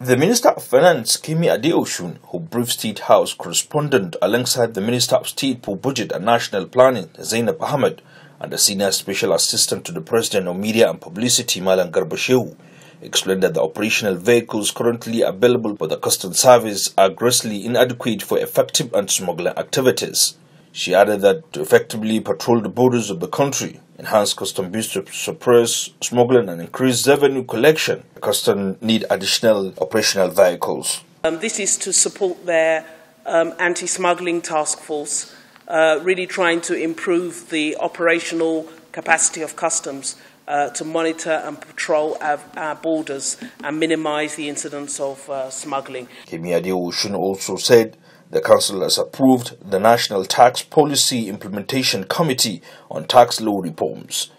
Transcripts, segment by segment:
The Minister of Finance, Kimi Adeosun, who briefed State House correspondent alongside the Minister of State for Budget and National Planning, Zainab Ahmed, and the Senior Special Assistant to the President of Media and Publicity, Malan Garbashew, explained that the operational vehicles currently available for the Customs Service are grossly inadequate for effective anti-smuggling activities. She added that to effectively patrol the borders of the country, enhance custom to suppress smuggling and increase revenue collection, the customs need additional operational vehicles. Um, this is to support their um, anti-smuggling task force, uh, really trying to improve the operational capacity of customs uh, to monitor and patrol our, our borders and minimize the incidence of uh, smuggling. Kemi Adeoshun also said the Council has approved the National Tax Policy Implementation Committee on Tax Law Reforms.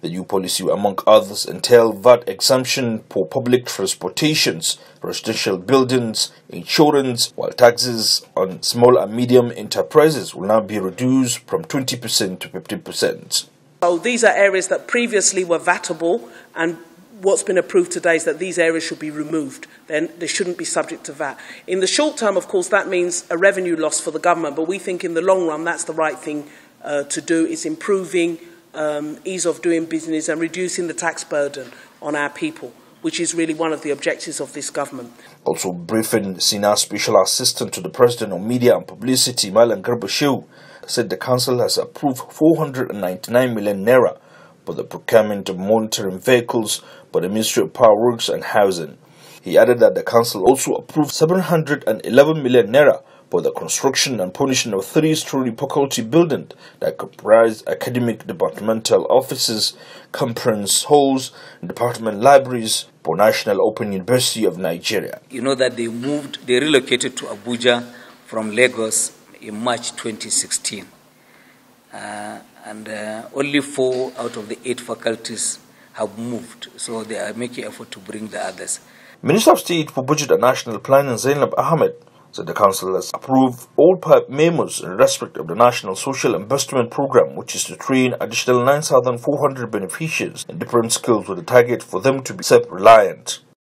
The new policy, among others, entail VAT exemption for public transportations, residential buildings, insurance, while taxes on small and medium enterprises will now be reduced from 20% to 15%. So these are areas that previously were VATable and what's been approved today is that these areas should be removed. Then they shouldn't be subject to VAT. In the short term, of course, that means a revenue loss for the government, but we think in the long run that's the right thing uh, to do. It's improving um, ease of doing business and reducing the tax burden on our people, which is really one of the objectives of this government. Also briefing Sina Special Assistant to the President on Media and Publicity, Malan Garbashiu, said the council has approved 499 million naira for the procurement of monitoring vehicles by the Ministry of Power Works and Housing. He added that the council also approved 711 million naira for the construction and polishing of three-story faculty building that comprised academic departmental offices, conference halls, department libraries for National Open University of Nigeria. You know that they moved, they relocated to Abuja from Lagos in March 2016. Uh, and uh, only four out of the eight faculties have moved, so they are making effort to bring the others. Minister of State for Budget and National Planning Zainab Ahmed said the council has approved all PIPE memos in respect of the National Social Investment Program, which is to train additional 9,400 beneficiaries in different skills with a target for them to be self-reliant.